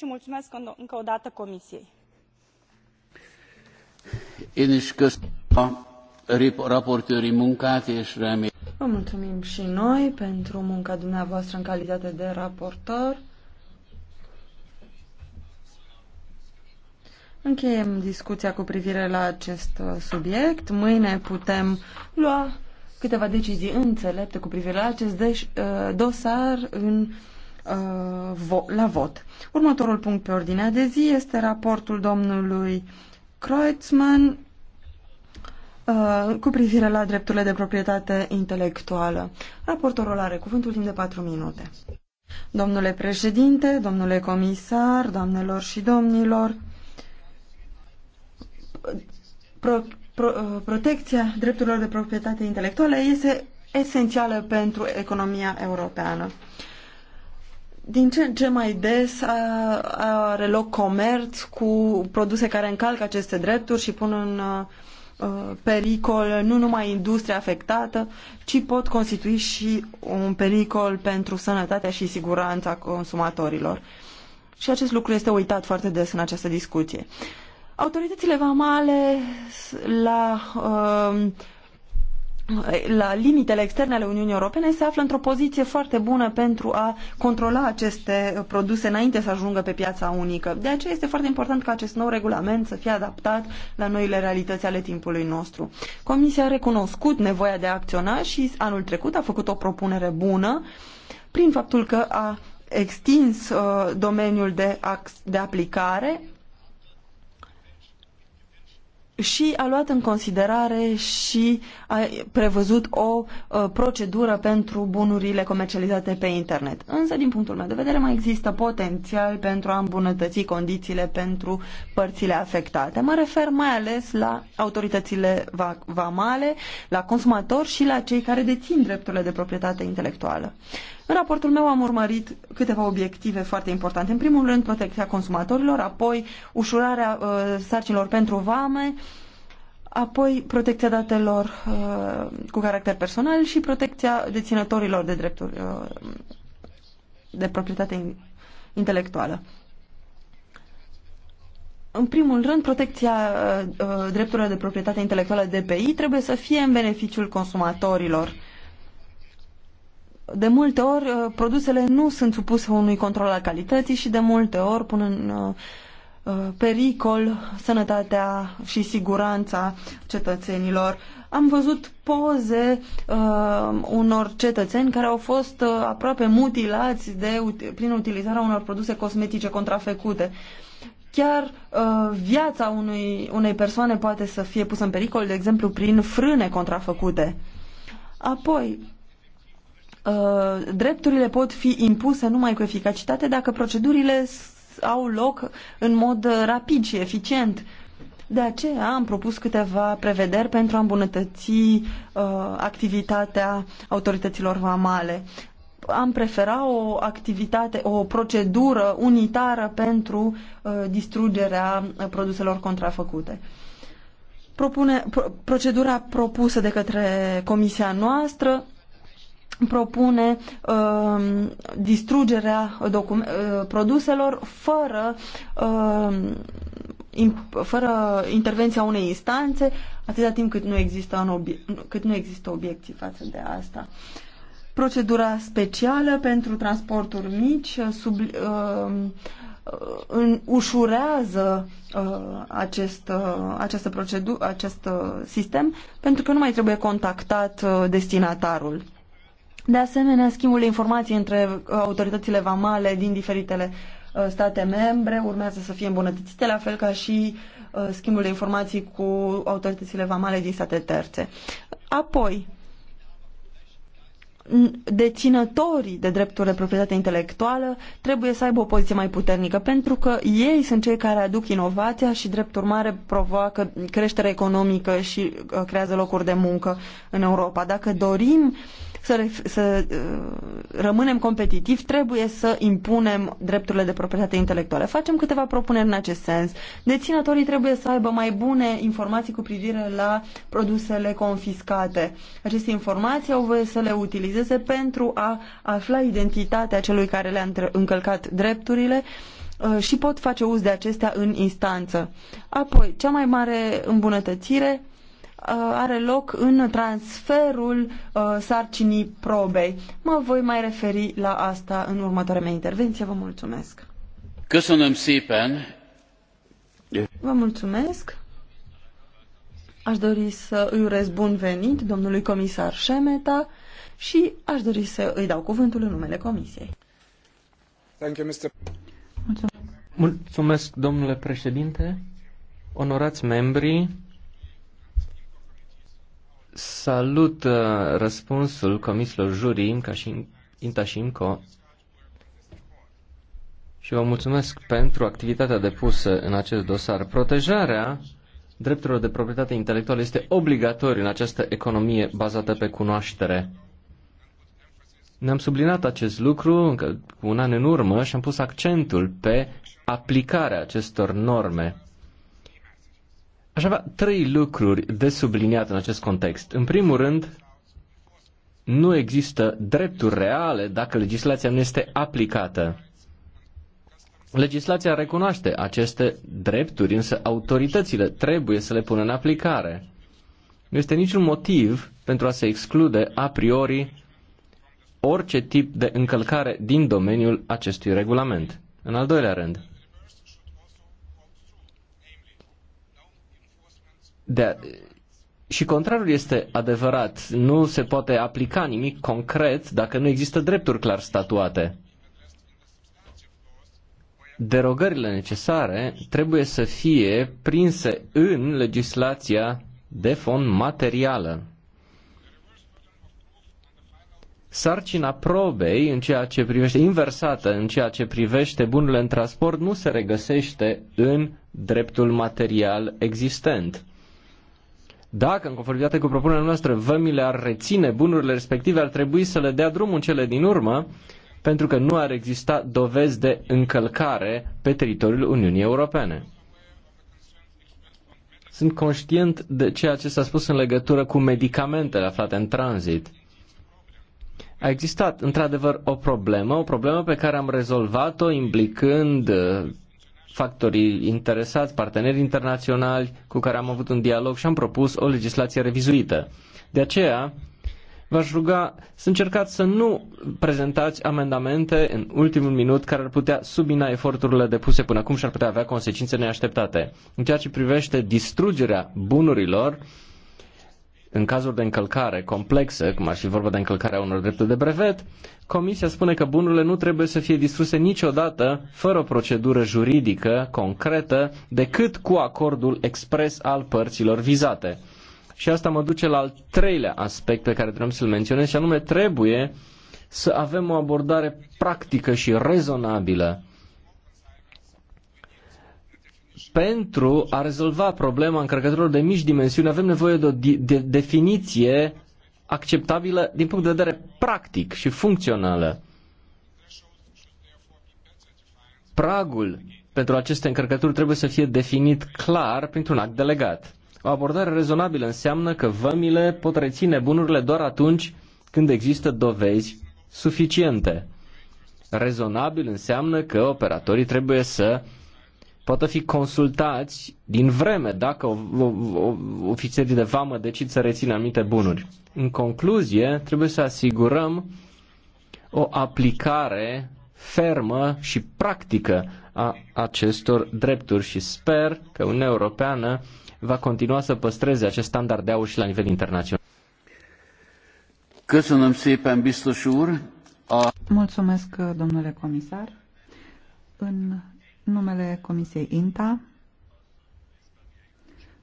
i mulumesc încă o dată comisiei. Én is köszönöm a Vă mulțumim și noi pentru munca dumneavoastră în calitate de raportor. Încheiem discuția cu privire la acest uh, subiect. Mâine putem lua câteva decizii înțelepte cu privire la acest uh, dosar în Uh, la vot. Următorul punct pe ordinea de zi este raportul domnului Kreutzmann uh, cu privire la drepturile de proprietate intelectuală. Raportorul are cuvântul timp de patru minute. Domnule președinte, domnule comisar, doamnelor și domnilor, pro, pro, uh, protecția drepturilor de proprietate intelectuală este esențială pentru economia europeană. Uh, din ce în ce mai des are loc comerț cu produse care încalcă aceste drepturi și pun în uh, pericol nu numai industria afectată, ci pot constitui și un pericol pentru sănătatea și siguranța consumatorilor. Și acest lucru este uitat foarte des în această discuție. Autoritățile vamale la uh, la limitele externe ale Uniunii Europene se află într-o poziție foarte bună pentru a controla aceste produse înainte să ajungă pe piața unică. De aceea este foarte important ca acest nou regulament să fie adaptat la noile realități ale timpului nostru. Comisia a recunoscut nevoia de a acționa și anul trecut a făcut o propunere bună prin faptul că a extins uh, domeniul de, de aplicare și a luat în considerare și a prevăzut o uh, procedură pentru bunurile comercializate pe internet. Însă, din punctul meu de vedere, mai există potențial pentru a îmbunătăți condițiile pentru părțile afectate. Mă refer mai ales la autoritățile vamale, la consumatori și la cei care dețin drepturile de proprietate intelectuală. În raportul meu am urmărit câteva obiective foarte importante. În primul rând, protecția consumatorilor, apoi ușurarea uh, sarcinilor pentru vame, apoi protecția datelor uh, cu caracter personal și protecția deținătorilor de drepturi uh, de proprietate intelectuală. În primul rând, protecția uh, uh drepturilor de proprietate intelectuală DPI trebuie să fie în beneficiul consumatorilor de multe ori uh, produsele nu sunt supuse unui control al calității și de multe ori pun în uh, uh, pericol sănătatea și siguranța cetățenilor. Am văzut poze uh, unor cetățeni care au fost uh, aproape mutilați de, prin utilizarea unor produse cosmetice contrafecute. Chiar uh, viața unui, unei persoane poate să fie pusă în pericol, de exemplu, prin frâne contrafăcute. Apoi, Uh, drepturile pot fi impuse numai cu eficacitate dacă procedurile au loc în mod uh, rapid și eficient. De aceea am propus câteva prevederi pentru a îmbunătăți uh, activitatea autorităților vamale. Am prefera o activitate, o procedură unitară pentru uh, distrugerea uh, produselor contrafăcute. Propune, pro, procedura propusă de către comisia noastră propune uh, distrugerea uh, produselor fără, uh, um, in, fără intervenția unei instanțe, atâta timp cât nu există, cât nu există obiecții față de asta. Procedura specială pentru transporturi mici uh, sub, um, uh, în, ușurează uh, acest, uh, această procedu- acest uh, sistem pentru că nu mai trebuie contactat uh, destinatarul. De asemenea, schimbul de informații între uh, autoritățile vamale din diferitele uh, state membre urmează să fie îmbunătățite, la fel ca și uh, schimbul de informații cu autoritățile vamale din state terțe. Apoi, deținătorii de drepturi de proprietate intelectuală trebuie să aibă o poziție mai puternică, pentru că ei sunt cei care aduc inovația și, drept urmare, provoacă creștere economică și creează locuri de muncă în Europa. Dacă dorim uh, să, să uh, rămânem competitivi, trebuie să impunem drepturile de proprietate intelectuală. Facem câteva propuneri în acest sens. Deținătorii trebuie să aibă mai bune informații cu privire la produsele confiscate. Aceste informații au voie să le utilizeze pentru a afla identitatea celui care le-a încălcat drepturile uh, și pot face uz de acestea în instanță. Apoi, cea mai mare îmbunătățire Uh, are loc în transferul uh, sarcinii probei. Mă voi mai referi la asta în următoarea mea intervenție. Vă mulțumesc. Köszönöm szépen. Vă mulțumesc. Aș dori să îi urez bun venit domnului comisar Șemeta și aș dori să îi dau cuvântul în numele comisiei. Thank you, Mr. Mulțumesc. Mulțumesc, domnule președinte, onorați membrii, Salut uh, răspunsul comisilor jurii, ca și Inta și Inco, și vă mulțumesc pentru activitatea depusă în acest dosar. Protejarea drepturilor de proprietate intelectuală este obligatorie în această economie bazată pe cunoaștere. Ne-am sublinat acest lucru încă cu un an în urmă și am pus accentul pe aplicarea acestor norme. Aș avea trei lucruri de subliniat în acest context. În primul rând, nu există drepturi reale dacă legislația nu este aplicată. Legislația recunoaște aceste drepturi, însă autoritățile trebuie să le pună în aplicare. Nu este niciun motiv pentru a se exclude a priori orice tip de încălcare din domeniul acestui regulament. În al doilea rând, De a... Și contrarul este adevărat. Nu se poate aplica nimic concret dacă nu există drepturi clar statuate. Derogările necesare trebuie să fie prinse în legislația de fond materială. Sarcina probei în ceea ce privește inversată în ceea ce privește bunurile în transport nu se regăsește în dreptul material existent. Dacă, în conformitate cu propunerea noastră, vămile ar reține bunurile respective, ar trebui să le dea drumul în cele din urmă, pentru că nu ar exista dovezi de încălcare pe teritoriul Uniunii Europene. Sunt conștient de ceea ce s-a spus în legătură cu medicamentele aflate în tranzit. A existat, într-adevăr, o problemă, o problemă pe care am rezolvat-o implicând factorii interesați, parteneri internaționali cu care am avut un dialog și am propus o legislație revizuită. De aceea, v-aș ruga să încercați să nu prezentați amendamente în ultimul minut care ar putea submina eforturile depuse până acum și ar putea avea consecințe neașteptate. În ceea ce privește distrugerea bunurilor, în cazuri de încălcare complexe, cum ar fi vorba de încălcarea unor drepturi de brevet, Comisia spune că bunurile nu trebuie să fie distruse niciodată fără o procedură juridică concretă, decât cu acordul expres al părților vizate. Și asta mă duce la al treilea aspect pe care trebuie să-l menționez, și anume trebuie să avem o abordare practică și rezonabilă pentru a rezolva problema încărcătorilor de mici dimensiuni avem nevoie de o de definiție acceptabilă din punct de vedere practic și funcțională. Pragul pentru aceste încărcături trebuie să fie definit clar printr-un act delegat. O abordare rezonabilă înseamnă că vămile pot reține bunurile doar atunci când există dovezi suficiente. Rezonabil înseamnă că operatorii trebuie să poată fi consultați din vreme dacă o, o, o, ofițerii de vamă decid să rețină anumite bunuri. În concluzie, trebuie să asigurăm o aplicare fermă și practică a acestor drepturi și sper că Uniunea Europeană va continua să păstreze acest standard de aur și la nivel internațional. Köszönöm szépen, biztos Mulțumesc, domnule comisar. În numele Comisiei INTA,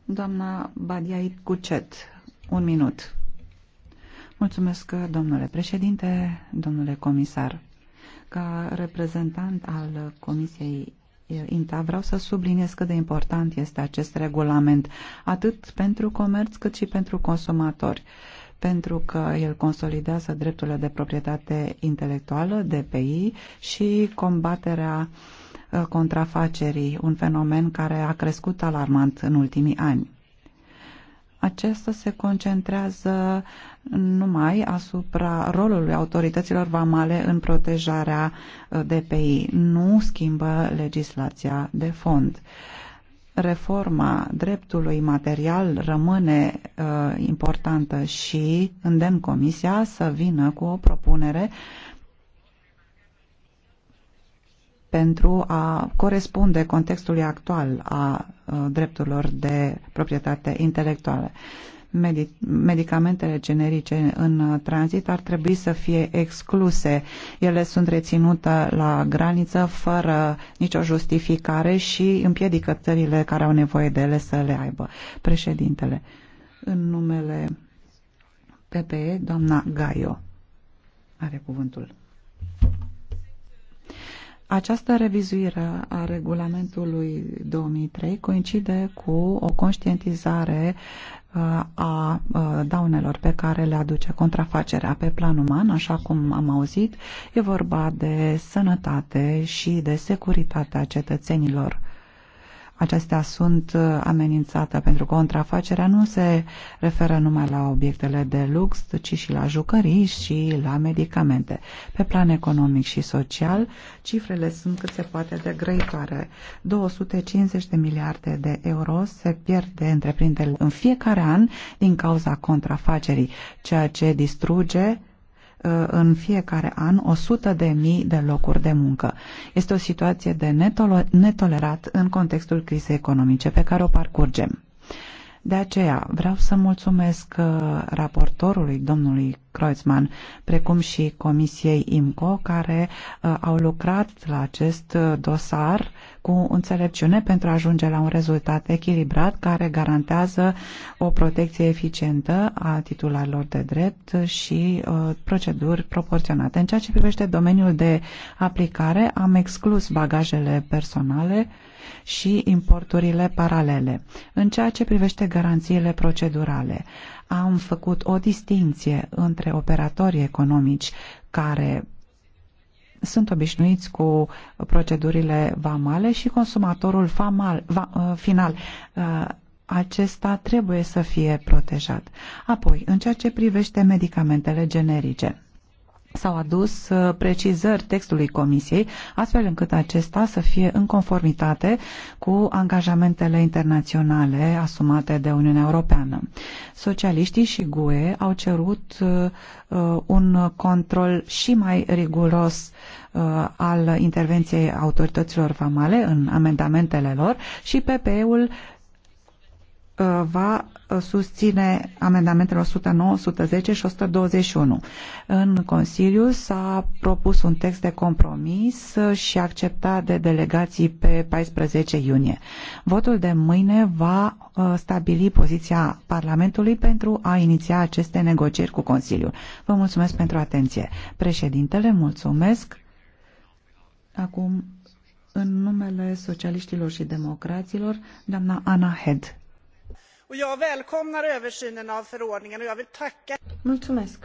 doamna Badiai Cucet. Un minut. Mulțumesc, domnule președinte, domnule comisar. Ca reprezentant al Comisiei INTA, vreau să subliniez cât de important este acest regulament, atât pentru comerț cât și pentru consumatori pentru că el consolidează drepturile de proprietate intelectuală, DPI, și combaterea uh, Uh, contrafacerii, un fenomen care a crescut alarmant în ultimii ani. Acesta se concentrează numai asupra rolului autorităților vamale în protejarea uh, DPI. Nu schimbă legislația de fond reforma dreptului material rămâne uh, importantă și îndemn Comisia să vină cu o propunere pentru a corespunde contextului actual a uh, drepturilor de proprietate intelectuală. Medi medicamentele generice în uh, tranzit ar trebui să fie excluse. Ele sunt reținute la graniță fără nicio justificare și împiedică țările care au nevoie de ele să le aibă. Președintele, în numele PPE, doamna Gaio are cuvântul. Această revizuire a regulamentului 2003 coincide cu o conștientizare uh, a uh, daunelor pe care le aduce contrafacerea pe plan uman, așa cum am auzit, e vorba de sănătate și de securitatea cetățenilor acestea sunt uh, amenințate pentru contrafacerea nu se referă numai la obiectele de lux, ci și la jucării și la medicamente. Pe plan economic și social, cifrele sunt cât se poate de grăitoare. 250 de miliarde de euro se pierde întreprinderile în fiecare an din cauza contrafacerii, ceea ce distruge Uh, în fiecare an 100 de mii de locuri de muncă. Este o situație de netolerat în contextul crizei economice pe care o parcurgem. De aceea vreau să mulțumesc uh, raportorului, domnului Kreuzmann, precum și Comisiei IMCO, care uh, au lucrat la acest uh, dosar cu înțelepciune pentru a ajunge la un rezultat echilibrat care garantează o protecție eficientă a titularilor de drept și uh, proceduri proporționate. În ceea ce privește domeniul de aplicare, am exclus bagajele personale și importurile paralele. În ceea ce privește garanțiile procedurale, am făcut o distinție între operatorii economici care sunt obișnuiți cu procedurile vamale și consumatorul famal, va, uh, final. Uh, acesta trebuie să fie protejat. Apoi, în ceea ce privește medicamentele generice, s-au adus uh, precizări textului Comisiei, astfel încât acesta să fie în conformitate cu angajamentele internaționale asumate de Uniunea Europeană. Socialiștii și GUE au cerut uh, uh, un control și mai riguros al intervenției autorităților vamale în amendamentele lor și PPE-ul Uh, va uh, susține amendamentele 109, 110 și 121. În Consiliu s-a propus un text de compromis uh, și acceptat de delegații pe 14 iunie. Votul de mâine va stabili poziția Parlamentului pentru a iniția aceste negocieri cu Consiliul. Vă mulțumesc pentru atenție. Președintele, mulțumesc. Acum, în numele socialiștilor și democraților, doamna Ana Head. Jag välkomnar översynen av förordningen och jag vill tacka... Mulțumesc!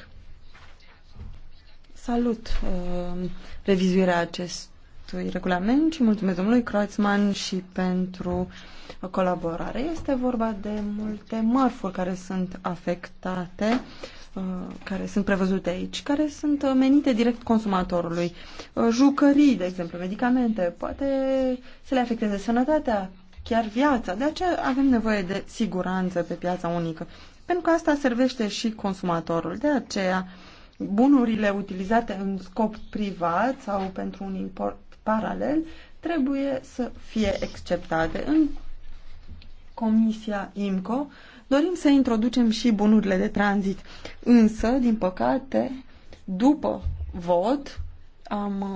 Salut uh, revizuirea acestui regulament și mulțumesc domnului Kreutzmann și pentru colaborare. Este vorba de multe mărfuri care sunt afectate eh, care sunt prevăzute aici, care sunt menite direct consumatorului. Eh, jucării, de exemplu, medicamente, poate să le afecteze sănătatea chiar viața. De aceea avem nevoie de siguranță pe piața unică, pentru că asta servește și consumatorul. De aceea, bunurile utilizate în scop privat sau pentru un import paralel trebuie să fie acceptate În Comisia IMCO dorim să introducem și bunurile de tranzit, însă, din păcate, după vot am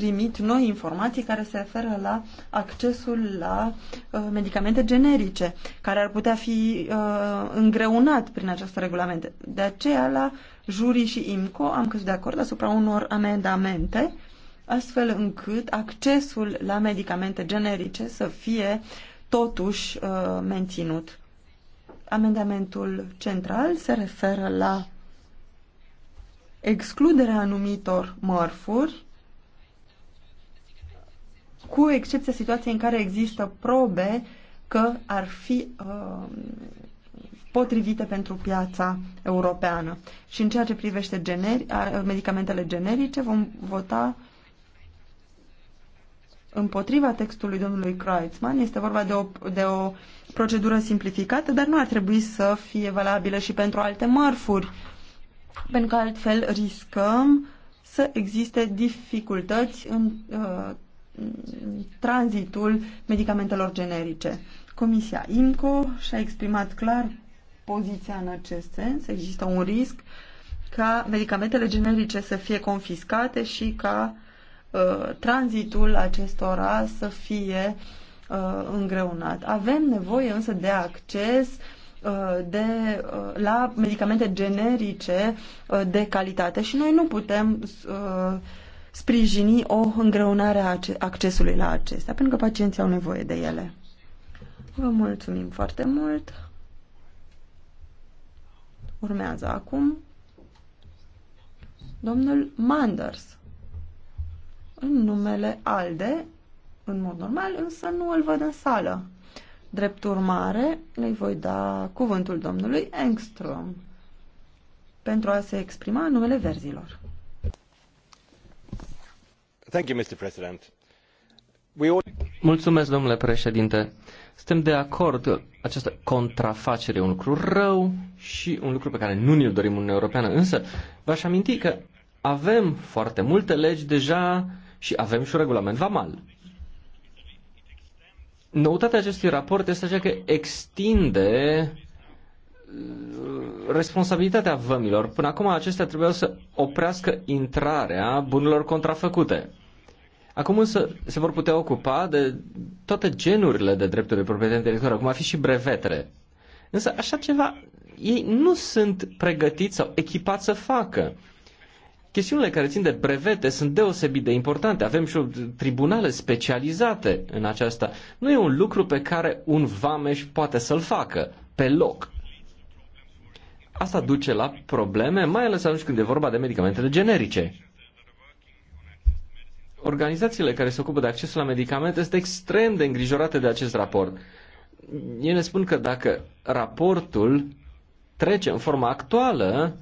primit noi informații care se referă la accesul la uh, medicamente generice, care ar putea fi uh, îngreunat prin această regulamente. De aceea, la jurii și IMCO am căzut de acord asupra unor amendamente, astfel încât accesul la medicamente generice să fie totuși uh, menținut. Amendamentul central se referă la excluderea anumitor mărfuri cu excepția situației în care există probe că ar fi uh, potrivite pentru piața europeană. Și în ceea ce privește generi, medicamentele generice, vom vota împotriva textului domnului Kreutzmann. Este vorba de o, de o procedură simplificată, dar nu ar trebui să fie valabilă și pentru alte mărfuri, pentru că altfel riscăm să existe dificultăți în uh, tranzitul medicamentelor generice. Comisia Inco și-a exprimat clar poziția în acest sens. Există un risc ca medicamentele generice să fie confiscate și ca uh, tranzitul acestora să fie uh, îngreunat. Avem nevoie însă de acces uh, de, uh, la medicamente generice uh, de calitate și noi nu putem uh, sprijini o îngreunare a accesului la acestea, pentru că pacienții au nevoie de ele. Vă mulțumim foarte mult. Urmează acum domnul Manders în numele ALDE, în mod normal, însă nu îl văd în sală. Drept urmare, îi voi da cuvântul domnului Engström pentru a se exprima în numele verzilor. Mulțumesc, domnule președinte. Suntem de acord, această contrafacere e un lucru rău și un lucru pe care nu ni-l dorim în Uniunea Europeană, însă v-aș aminti că avem foarte multe legi deja și avem și un regulament vamal. Noutatea acestui raport este așa că extinde responsabilitatea vămilor. Până acum acestea trebuiau să oprească intrarea bunurilor contrafăcute. Acum însă se vor putea ocupa de toate genurile de drepturi de proprietate intelectuală, cum ar fi și brevetele. Însă așa ceva ei nu sunt pregătiți sau echipați să facă. Chestiunile care țin de brevete sunt deosebit de importante. Avem și tribunale specializate în aceasta. Nu e un lucru pe care un vameș poate să-l facă pe loc. Asta duce la probleme, mai ales atunci când e vorba de medicamentele generice. Organizațiile care se ocupă de accesul la medicamente sunt extrem de îngrijorate de acest raport. Ele spun că dacă raportul trece în forma actuală,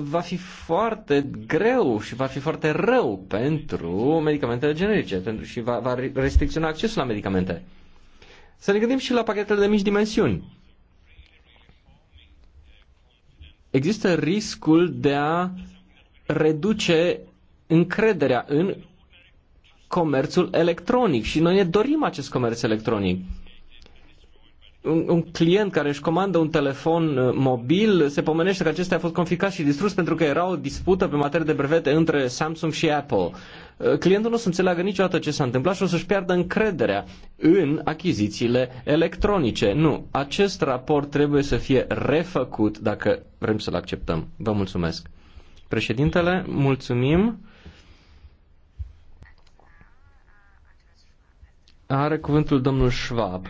va fi foarte greu și va fi foarte rău pentru medicamentele generice pentru și va, va restricționa accesul la medicamente. Să ne gândim și la pachetele de mici dimensiuni. există riscul de a reduce încrederea în comerțul electronic și noi ne dorim acest comerț electronic un, un client care își comandă un telefon uh, mobil se pomenește că acesta a fost confiscat și distrus pentru că era o dispută pe materie de brevete între Samsung și Apple. Uh, clientul nu o să înțeleagă niciodată ce s-a întâmplat și o să-și piardă încrederea în achizițiile electronice. Nu, acest raport trebuie să fie refăcut dacă vrem să-l acceptăm. Vă mulțumesc. Președintele, mulțumim. Are cuvântul domnul Schwab.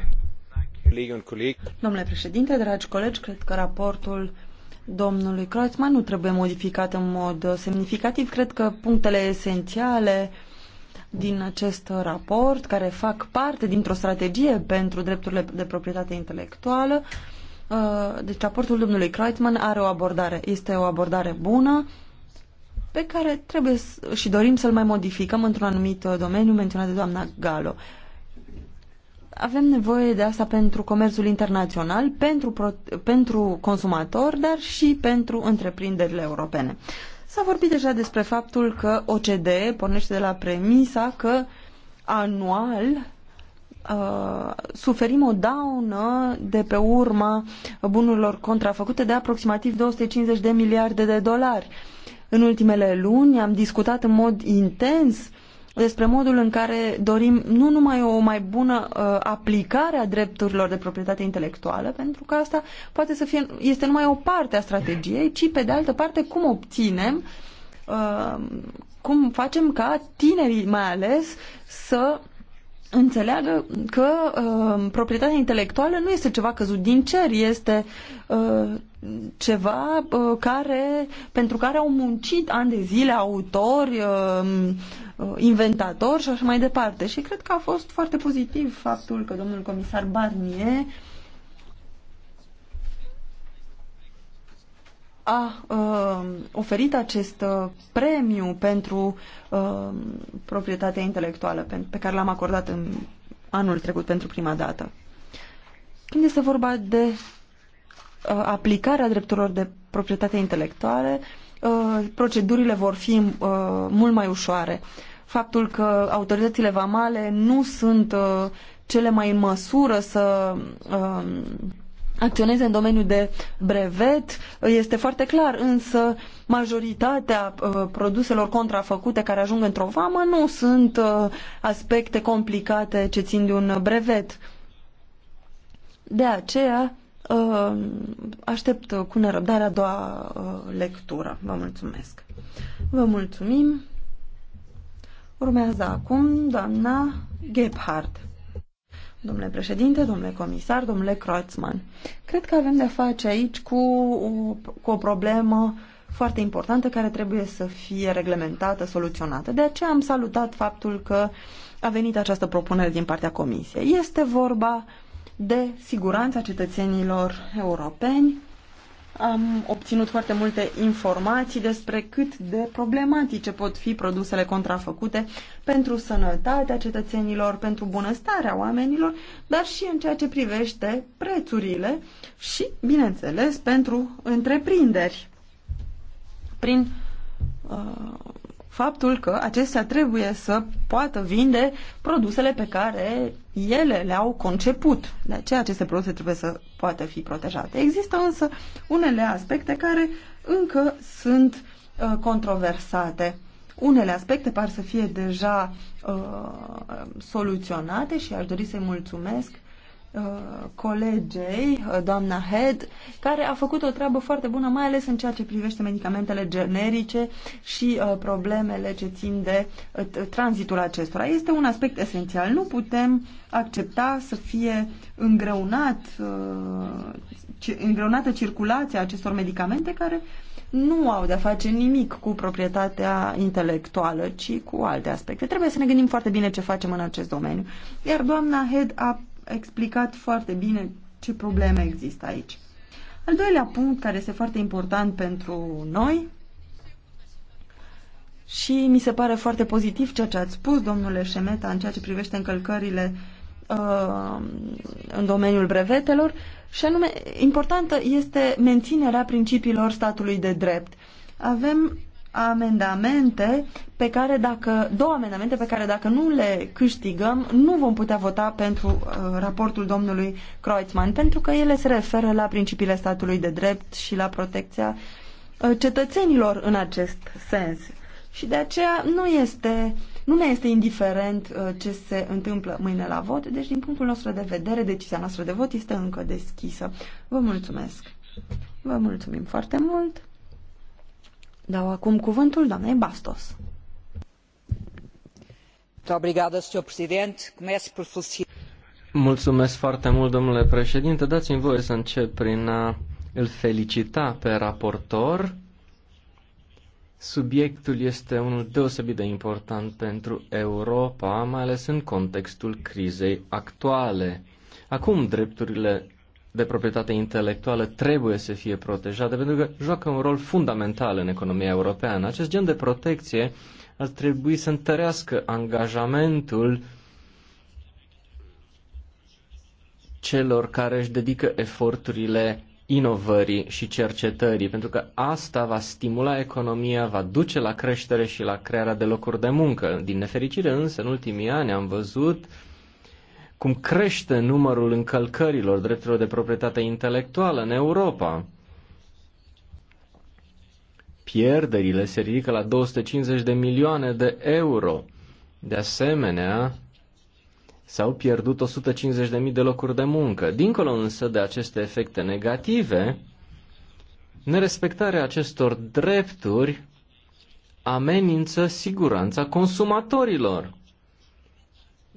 Domnule președinte, dragi colegi, cred că raportul domnului Kreutzmann nu trebuie modificat în mod semnificativ. Cred că punctele esențiale din acest raport, care fac parte dintr-o strategie pentru drepturile de proprietate intelectuală, uh, deci raportul domnului Kreutzmann are o abordare, este o abordare bună pe care trebuie și dorim să-l mai modificăm într-un anumit domeniu menționat de doamna Galo. Avem nevoie de asta pentru comerțul internațional, pentru, pro, pentru consumator, dar și pentru întreprinderile europene. S-a vorbit deja despre faptul că OCDE pornește de la premisa că anual uh, suferim o daună de pe urma bunurilor contrafăcute de aproximativ 250 de miliarde de dolari. În ultimele luni am discutat în mod intens despre modul în care dorim nu numai o mai bună uh, aplicare a drepturilor de proprietate intelectuală, pentru că asta poate să fie, este numai o parte a strategiei, ci pe de altă parte cum obținem, uh, cum facem ca tinerii mai ales să înțeleagă că uh, proprietatea intelectuală nu este ceva căzut din cer, este uh, ceva uh, care, pentru care au muncit ani de zile autori, um, uh, inventatori și așa mai departe. Și cred că a fost foarte pozitiv faptul că domnul comisar Barnier a uh, oferit acest uh, premiu pentru uh, proprietatea intelectuală pe, pe care l-am acordat în anul trecut pentru prima dată. Când este vorba de uh, aplicarea drepturilor de proprietate intelectuală, uh, procedurile vor fi uh, mult mai ușoare. Faptul că autoritățile vamale nu sunt uh, cele mai în măsură să uh, acționeze în domeniul de brevet este foarte clar, însă majoritatea uh, produselor contrafăcute care ajung într-o vamă nu sunt uh, aspecte complicate ce țin de un brevet. De aceea uh, aștept cu nerăbdare a doua lectură. Vă mulțumesc. Vă mulțumim. Urmează acum doamna Gebhardt. Domnule președinte, domnule comisar, domnule Kreutzmann, cred că avem de face aici cu o, cu o problemă foarte importantă care trebuie să fie reglementată, soluționată. De aceea am salutat faptul că a venit această propunere din partea Comisiei. Este vorba de siguranța cetățenilor europeni am obținut foarte multe informații despre cât de problematice pot fi produsele contrafăcute pentru sănătatea cetățenilor, pentru bunăstarea oamenilor, dar și în ceea ce privește prețurile și, bineînțeles, pentru întreprinderi. Prin uh, faptul că acestea trebuie să poată vinde produsele pe care ele le-au conceput. De aceea aceste produse trebuie să poată fi protejate. Există însă unele aspecte care încă sunt uh, controversate. Unele aspecte par să fie deja uh, soluționate și aș dori să-i mulțumesc Uh, colegei, uh, doamna Head, care a făcut o treabă foarte bună, mai ales în ceea ce privește medicamentele generice și uh, problemele ce țin de tranzitul acestora. Este un aspect esențial. Nu putem accepta să fie îngreunat, îngreunată circulația acestor medicamente care nu au de-a face nimic cu proprietatea intelectuală, ci cu alte aspecte. Trebuie să ne gândim foarte bine ce facem în acest domeniu. Iar doamna Head a explicat foarte bine ce probleme există aici. Al doilea punct care este foarte important pentru noi și mi se pare foarte pozitiv ceea ce ați spus, domnule Șemeta, în ceea ce privește încălcările uh, în domeniul brevetelor, și anume, importantă este menținerea principiilor statului de drept. Avem amendamente pe care dacă, două amendamente pe care dacă nu le câștigăm, nu vom putea vota pentru uh, raportul domnului Kreutzmann, pentru că ele se referă la principiile statului de drept și la protecția uh, cetățenilor în acest sens. Și de aceea nu, este, nu ne este indiferent uh, ce se întâmplă mâine la vot, deci din punctul nostru de vedere, decizia noastră de vot este încă deschisă. Vă mulțumesc! Vă mulțumim foarte mult! Dau acum cuvântul doamnei Bastos. Mulțumesc foarte mult, domnule președinte. Dați-mi voie să încep prin a îl felicita pe raportor. Subiectul este unul deosebit de important pentru Europa, mai ales în contextul crizei actuale. Acum drepturile de proprietate intelectuală trebuie să fie protejate pentru că joacă un rol fundamental în economia europeană. Acest gen de protecție ar trebui să întărească angajamentul celor care își dedică eforturile inovării și cercetării, pentru că asta va stimula economia, va duce la creștere și la crearea de locuri de muncă. Din nefericire însă, în ultimii ani am văzut uh, cum crește numărul încălcărilor drepturilor de proprietate intelectuală în Europa. Pierderile se ridică la 250 de milioane de euro. De asemenea, s-au pierdut 150.000 de locuri de muncă. Dincolo însă de aceste efecte negative, nerespectarea acestor drepturi amenință siguranța consumatorilor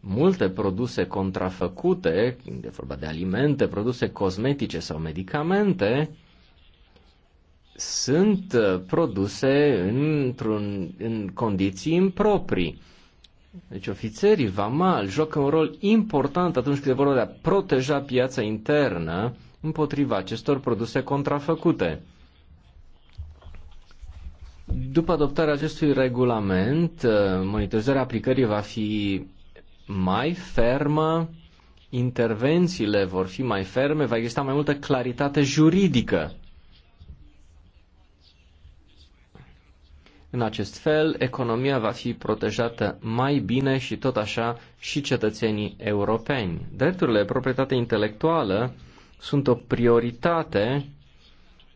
multe produse contrafăcute, de vorba de alimente, produse cosmetice sau medicamente, sunt uh, produse într-un, în condiții improprii. Deci ofițerii VAMAL joacă un rol important atunci când e vorba de a proteja piața internă împotriva acestor produse contrafăcute. După adoptarea acestui regulament, uh, monitorizarea aplicării va fi mai fermă, intervențiile vor fi mai ferme, va exista mai multă claritate juridică. În acest fel, economia va fi protejată mai bine și tot așa și cetățenii europeni. Drepturile de proprietate intelectuală sunt o prioritate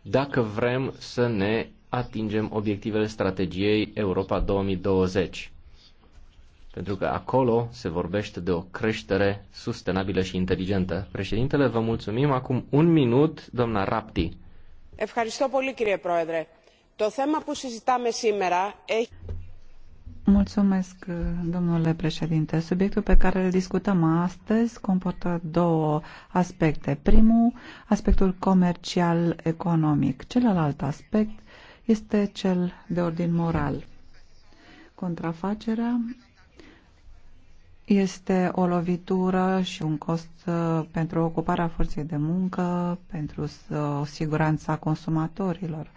dacă vrem să ne atingem obiectivele strategiei Europa 2020 pentru că acolo se vorbește de o creștere sustenabilă și inteligentă. Președintele, vă mulțumim. Acum un minut, doamna Rapti. Ευχαριστώ πολύ, κύριε Πρόεδρε. Το θέμα που συζητάμε σήμερα έχει... Mulțumesc, domnule președinte. Subiectul pe care îl discutăm astăzi comportă două aspecte. Primul, aspectul comercial-economic. Celălalt aspect este cel de ordin moral. Contrafacerea este o lovitură și un cost uh, pentru ocuparea forței de muncă, pentru uh, siguranța consumatorilor.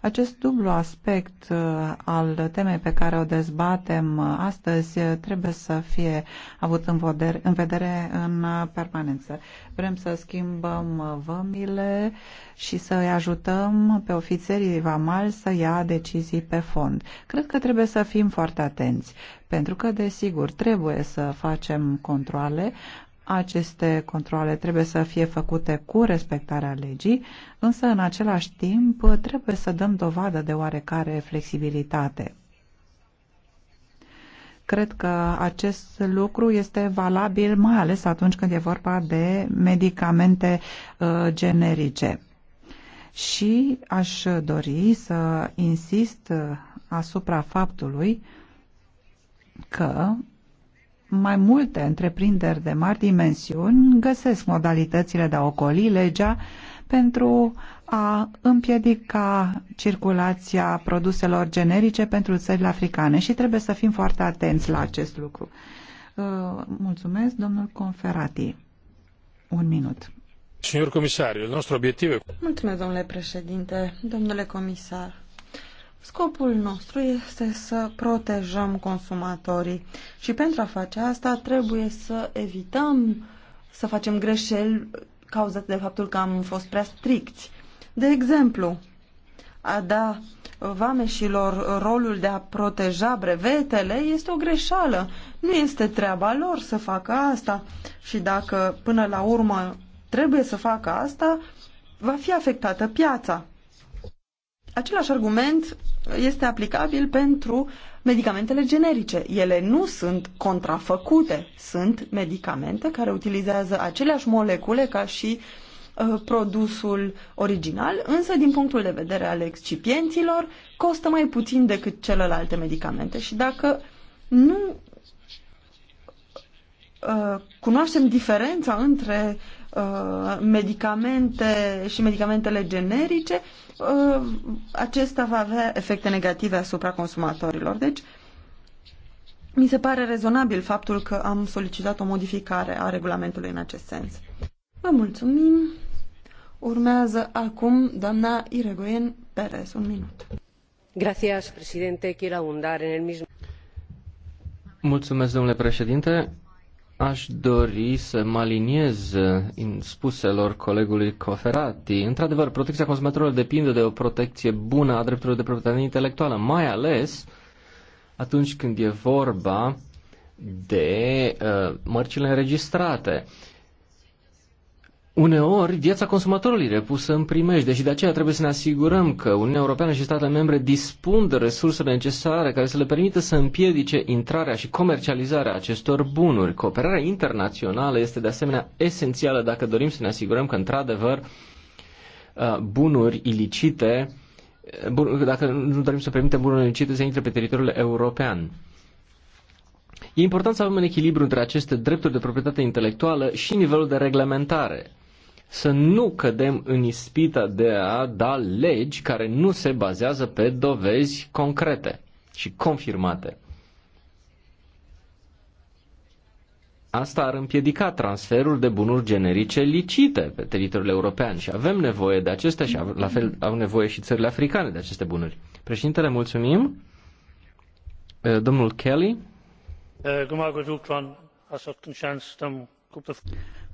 Acest dublu aspect uh, al temei pe care o dezbatem astăzi trebuie să fie avut în, în vedere în permanență. Vrem să schimbăm vămile și să îi ajutăm pe ofițerii vamali să ia decizii pe fond. Cred că trebuie să fim foarte atenți pentru că, desigur, trebuie să facem controle, aceste controle trebuie să fie făcute cu respectarea legii, însă în același timp trebuie să dăm dovadă de oarecare flexibilitate. Cred că acest lucru este valabil mai ales atunci când e vorba de medicamente uh, generice. Și aș dori să insist uh, asupra faptului că mai multe întreprinderi de mari dimensiuni găsesc modalitățile de a ocoli legea pentru a împiedica circulația produselor generice pentru țările africane și trebuie să fim foarte atenți la acest lucru. Uh, mulțumesc, domnul Conferati. Un minut. Signor comisar, nostru obiectiv... Mulțumesc, domnule președinte, domnule comisar. Scopul nostru este să protejăm consumatorii și pentru a face asta trebuie să evităm să facem greșeli cauzate de faptul că am fost prea stricți. De exemplu, a da vameșilor rolul de a proteja brevetele este o greșeală. Nu este treaba lor să facă asta și dacă până la urmă trebuie să facă asta, va fi afectată piața. Același argument este aplicabil pentru medicamentele generice. Ele nu sunt contrafăcute, sunt medicamente care utilizează aceleași molecule ca și uh, produsul original, însă din punctul de vedere al excipienților costă mai puțin decât celelalte medicamente și dacă nu uh, cunoaștem diferența între Uh, medicamente și medicamentele generice, uh, acesta va avea efecte negative asupra consumatorilor. Deci, mi se pare rezonabil faptul că am solicitat o modificare a regulamentului în acest sens. Vă mulțumim. Urmează acum doamna Iregoyen Perez. Un minut. Gracias, presidente. el mismo. Mulțumesc, domnule președinte. Aș dori să mă aliniez uh, în spuselor colegului Coferati. Într-adevăr, protecția consumatorilor depinde de o protecție bună a drepturilor de proprietate intelectuală, mai ales atunci când e vorba de uh, mărcile înregistrate. Uneori, viața consumatorului repusă în primejde și de aceea trebuie să ne asigurăm că Uniunea Europeană și statele membre dispun de resursele necesare care să le permită să împiedice intrarea și comercializarea acestor bunuri. Cooperarea internațională este de asemenea esențială dacă dorim să ne asigurăm că, într-adevăr, uh, bunuri ilicite, uh, bun, dacă nu dorim să permitem bunurile ilicite să intre pe teritoriul european. E important să avem un echilibru între aceste drepturi de proprietate intelectuală și nivelul de reglementare să nu cădem în ispita de a da legi care nu se bazează pe dovezi concrete și confirmate. Asta ar împiedica transferul de bunuri generice licite pe teritoriul european și avem nevoie de acestea și la fel au nevoie și țările africane de aceste bunuri. Președintele, mulțumim. Domnul Kelly.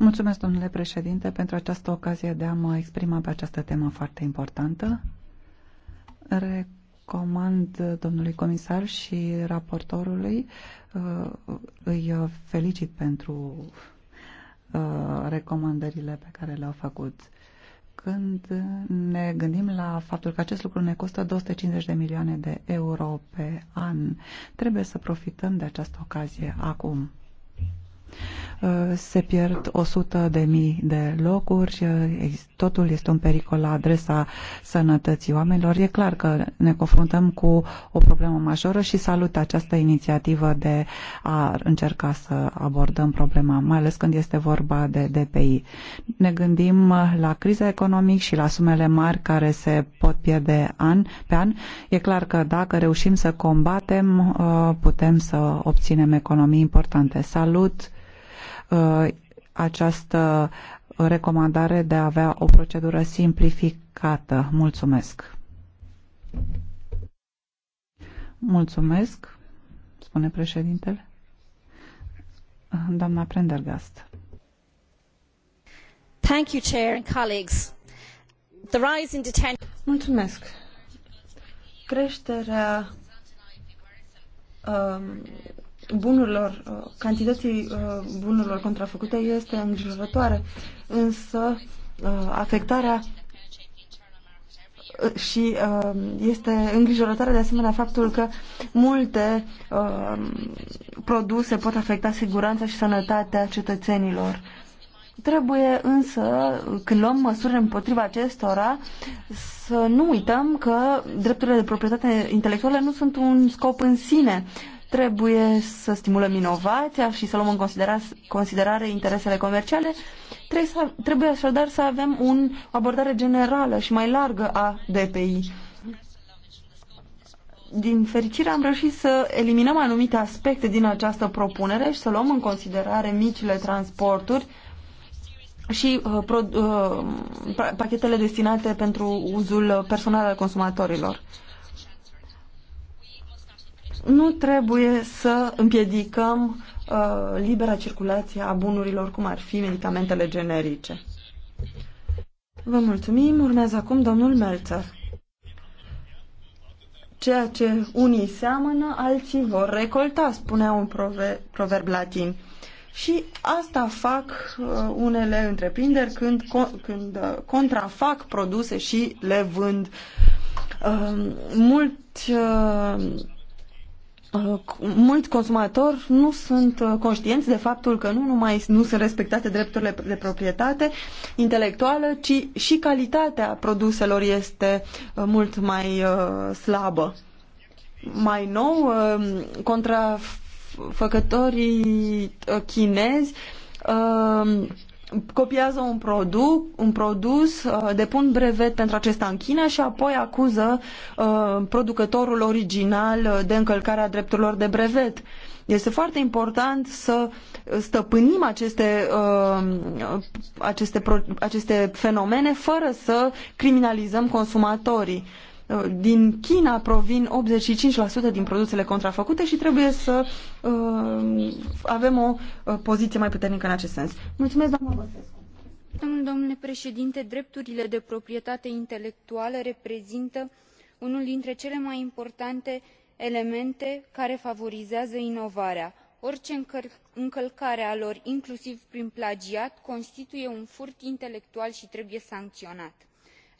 Mulțumesc, domnule președinte, pentru această ocazie de a mă exprima pe această temă foarte importantă. Recomand domnului comisar și raportorului, uh, îi felicit pentru uh, recomandările pe care le-au făcut. Când ne gândim la faptul că acest lucru ne costă 250 de milioane de euro pe an, trebuie să profităm de această ocazie acum Uh, se pierd 100 de mii de locuri, uh, totul este un pericol la adresa sănătății oamenilor. E clar că ne confruntăm cu o problemă majoră și salut această inițiativă de a încerca să abordăm problema, mai ales când este vorba de DPI. Ne gândim uh, la criza economică și la sumele mari care se pot pierde an pe an. E clar că dacă reușim să combatem, putem să obținem economii importante. Salut! Uh, această recomandare de a avea o procedură simplificată. Mulțumesc! Mulțumesc, spune președintele. Doamna Prendergast. Thank you, Chair and colleagues. The rise in detention... Mulțumesc. Creșterea um, bunurilor, uh, cantității uh, bunurilor contrafăcute este îngrijorătoare, însă uh, afectarea și este îngrijorătoare de asemenea faptul că multe produse pot afecta siguranța și sănătatea cetățenilor. Trebuie însă, când luăm măsuri împotriva acestora, să nu uităm că drepturile de proprietate intelectuală nu sunt un scop în sine trebuie să stimulăm inovația și să luăm în considera considerare interesele comerciale, trebuie, să, trebuie așadar să avem un, o abordare generală și mai largă a DPI. Din fericire am reușit să eliminăm anumite aspecte din această propunere și să luăm în considerare micile transporturi și uh, pro, uh, pachetele destinate pentru uzul personal al consumatorilor. Uh, nu trebuie să împiedicăm uh, libera circulație a bunurilor, cum ar fi medicamentele generice. Vă mulțumim. Urmează acum domnul Melțăr. Ceea ce unii seamănă, alții vor recolta, spunea un proverb, proverb latin. Și asta fac uh, unele întreprinderi când, co- când uh, contrafac produse și le vând. Uh, mult uh, Uh, mulți consumatori nu sunt uh, conștienți de faptul că nu numai nu sunt respectate drepturile de proprietate intelectuală, ci și calitatea produselor este uh, mult mai slabă. Mai nou, contrafăcătorii chinezi copiază un, produc, un produs, uh, depun brevet pentru acesta în China și apoi acuză uh, producătorul original uh, de încălcarea drepturilor de brevet. Este foarte important să stăpânim aceste, aceste, aceste fenomene fără să criminalizăm consumatorii. Uh, din China provin 85% din produsele contrafăcute și trebuie să uh, avem o uh, poziție mai puternică în acest sens. Mulțumesc, doamna Băsescu. Domnule președinte, drepturile de proprietate intelectuală reprezintă unul dintre cele mai importante elemente care favorizează inovarea. orice încălcare a lor inclusiv prin plagiat constituie un furt intelectual și trebuie sancționat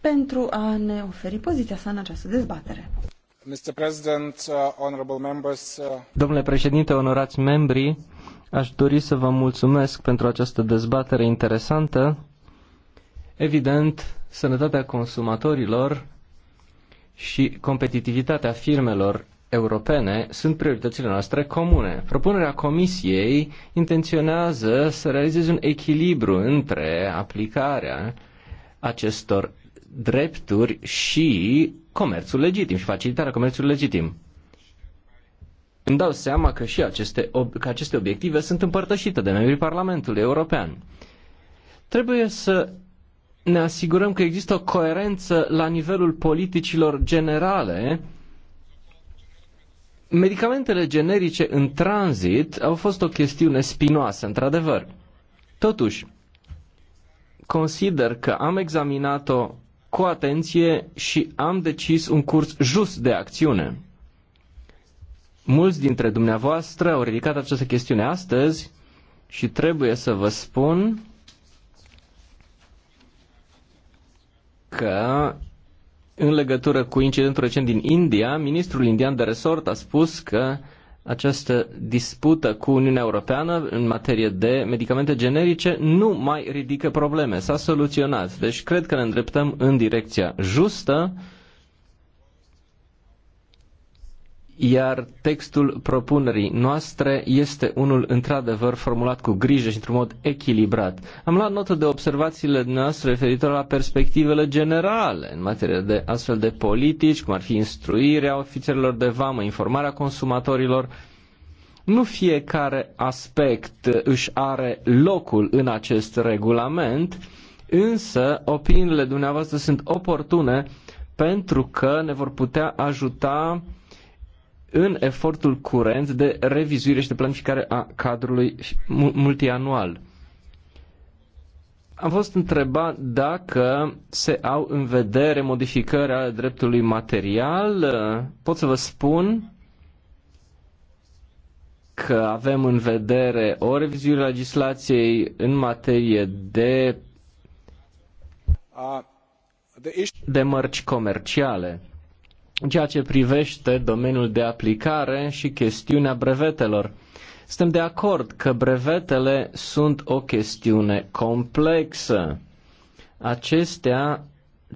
pentru a ne oferi poziția sa în această dezbatere. Uh, uh, Domnule președinte, onorați membri, aș dori să vă mulțumesc pentru această dezbatere interesantă. Evident, sănătatea consumatorilor și competitivitatea firmelor europene sunt prioritățile noastre comune. Propunerea Comisiei intenționează să realizeze un echilibru între aplicarea acestor drepturi și comerțul legitim și facilitarea comerțului legitim. Îmi dau seama că și aceste, că aceste obiective sunt împărtășite de membrii Parlamentului European. Trebuie să ne asigurăm că există o coerență la nivelul politicilor generale. Medicamentele generice în tranzit au fost o chestiune spinoasă, într-adevăr. Totuși, consider că am examinat-o cu atenție și am decis un curs just de acțiune. Mulți dintre dumneavoastră au ridicat această chestiune astăzi și trebuie să vă spun că în legătură cu incidentul recent din India, ministrul indian de resort a spus că această dispută cu Uniunea Europeană în materie de medicamente generice nu mai ridică probleme, s-a soluționat. Deci cred că ne îndreptăm în direcția justă iar textul propunerii noastre este unul într-adevăr formulat cu grijă și într-un mod echilibrat. Am luat notă de observațiile noastre referitoare la perspectivele generale în materie de astfel de politici, cum ar fi instruirea ofițerilor de vamă, informarea consumatorilor. Nu fiecare aspect își are locul în acest regulament, însă opiniile dumneavoastră sunt oportune pentru că ne vor putea ajuta în efortul curent de revizuire și de planificare a cadrului multianual. Am fost întrebat dacă se au în vedere modificări ale dreptului material. Pot să vă spun că avem în vedere o revizuire legislației în materie de, de mărci comerciale în ceea ce privește domeniul de aplicare și chestiunea brevetelor. Suntem de acord că brevetele sunt o chestiune complexă. Acestea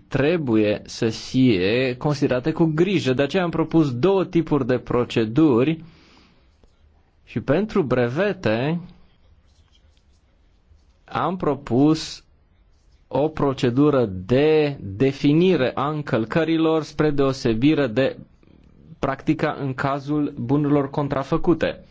trebuie să fie considerate cu grijă. De aceea am propus două tipuri de proceduri și pentru brevete am propus o procedură de definire a încălcărilor spre deosebire de practica în cazul bunurilor contrafăcute.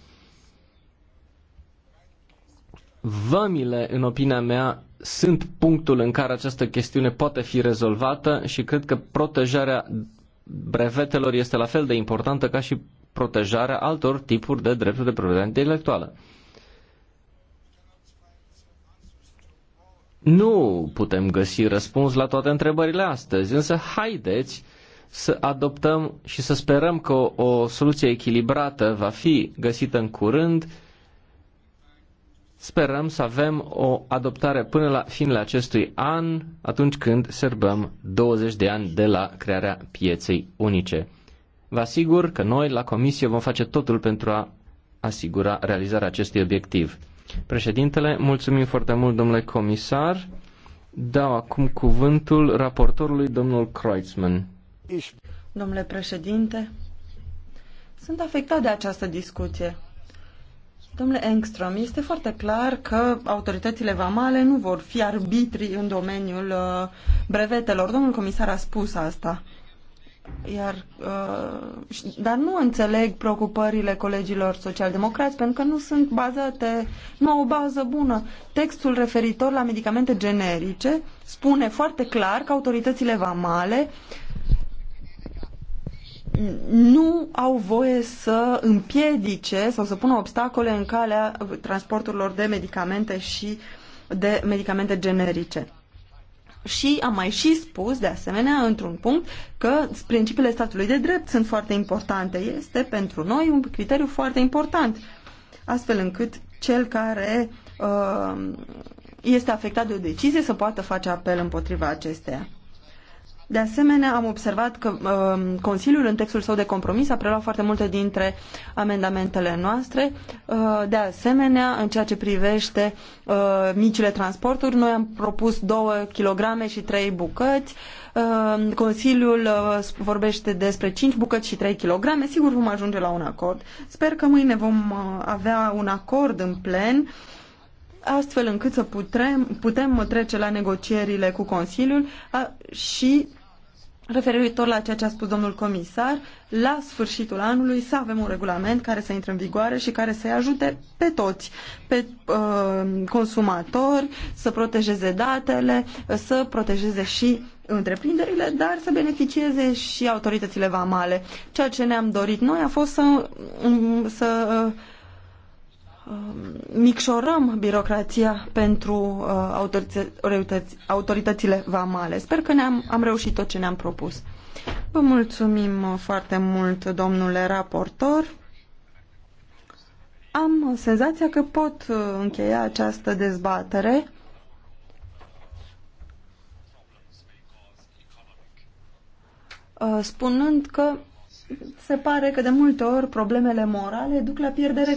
Vămile, în opinia mea, sunt punctul în care această chestiune poate fi rezolvată și cred că protejarea brevetelor este la fel de importantă ca și protejarea altor tipuri de drepturi de proprietate intelectuală. Nu putem găsi răspuns la toate întrebările astăzi, însă haideți să adoptăm și să sperăm că o, o soluție echilibrată va fi găsită în curând. Sperăm să avem o adoptare până la finele acestui an, atunci când serbăm 20 de ani de la crearea pieței unice. Vă asigur că noi, la Comisie, vom face totul pentru a asigura realizarea acestui obiectiv. Președintele, mulțumim foarte mult, domnule comisar. Dau acum cuvântul raportorului, domnul Kreutzmann. Domnule președinte, sunt afectat de această discuție. Domnule Engstrom, este foarte clar că autoritățile vamale nu vor fi arbitri în domeniul uh, brevetelor. Domnul comisar a spus asta. Iar, uh, dar nu înțeleg preocupările colegilor socialdemocrați pentru că nu sunt bazate, nu au o bază bună. Textul referitor la medicamente generice spune foarte clar că autoritățile vamale nu au voie să împiedice sau să pună obstacole în calea transporturilor de medicamente și de medicamente generice și am mai și spus, de asemenea, într-un punct, că principiile statului de drept sunt foarte importante. Este pentru noi un criteriu foarte important, astfel încât cel care uh, este afectat de o decizie să poată face apel împotriva acesteia. De asemenea, am observat că uh, Consiliul în textul său de compromis a preluat foarte multe dintre amendamentele noastre. Uh, de asemenea, în ceea ce privește uh, micile transporturi, noi am propus 2 kg și 3 bucăți. Uh, Consiliul uh, vorbește despre 5 bucăți și 3 kg. Sigur vom ajunge la un acord. Sper că mâine vom uh, avea un acord în plen astfel încât să putem, putem trece la negocierile cu Consiliul și referitor la ceea ce a spus domnul comisar, la sfârșitul anului să avem un regulament care să intre în vigoare și care să-i ajute pe toți, pe uh, consumatori, să protejeze datele, să protejeze și întreprinderile, dar să beneficieze și autoritățile vamale. Ceea ce ne-am dorit noi a fost să, um, să uh, Um, micșorăm birocrația pentru uh, autoritățile vamale. Sper că ne-am am reușit tot ce ne-am propus. Vă mulțumim uh, foarte mult, domnule raportor. Am senzația că pot uh, încheia această dezbatere. spunând că se pare că de multe ori problemele morale duc la pierdere